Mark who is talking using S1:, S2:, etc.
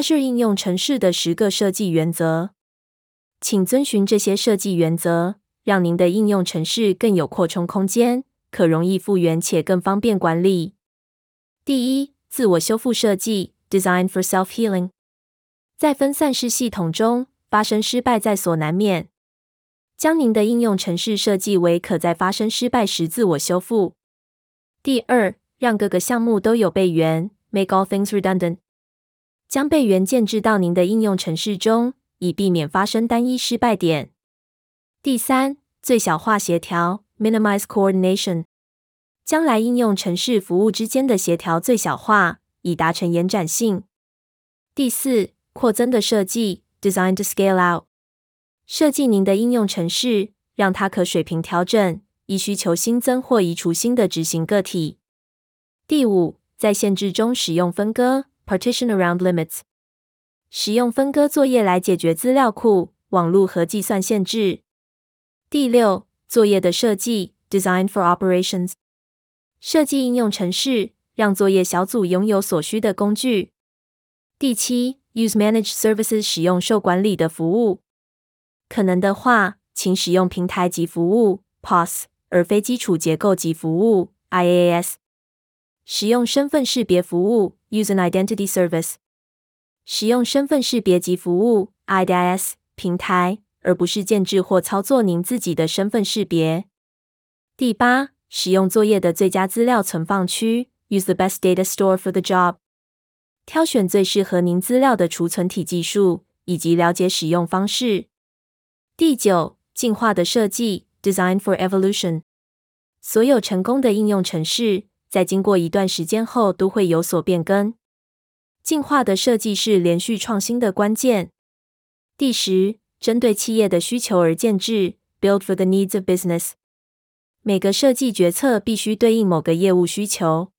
S1: Azure 應用程式的十個設計原則，請遵循這些設計原則，讓您的應用程式更有擴充空間，可容易復原且更方便管理。第一，自我修復設計 （Design for Self Healing）。在分散式系統中，發生失敗在所難免。將您的應用程式設計為可在發生失敗時自我修復。第二，讓各個項目都有備援 （Make all things redundant）。將備援建置到您的應用程式中，以避免發生單一失敗點。第三，最小化協調 （Minimize Coordination）。將來應用程式服務之間的協調最小化，以達成延展性。第四，擴增的設計 （Design to Scale Out）。設計您的應用程式，讓它可水平調整，以需求新增或移除新的執行個體。第五，在限制中使用分割。Partition around limits，使用分割作業來解決資料庫、網絡和計算限制。第六，作業的設計 （design for operations），設計應用程式，讓作業小組擁有所需的工具。第七，Use managed services，使用受管理的服務。可能的話，請使用平台級服務 p o s 而非基礎結構及服務 i a s 使用身份識別服務。Use an identity service，使用身份識別及服務 （IDS） 平台，而不是建置或操作您自己的身份識別。第八，使用作業的最佳資料存放區 （Use the best data store for the job），挑選最適合您資料的儲存體技術，以及了解使用方式。第九，進化的設計 （Design for evolution），所有成功的應用程式。在經過一段時間後，都會有所變更。進化的設計是連續創新的關鍵。第十，針對企業的需求而建製，build for the needs of business。每個設計決策必須對應某個業務需求。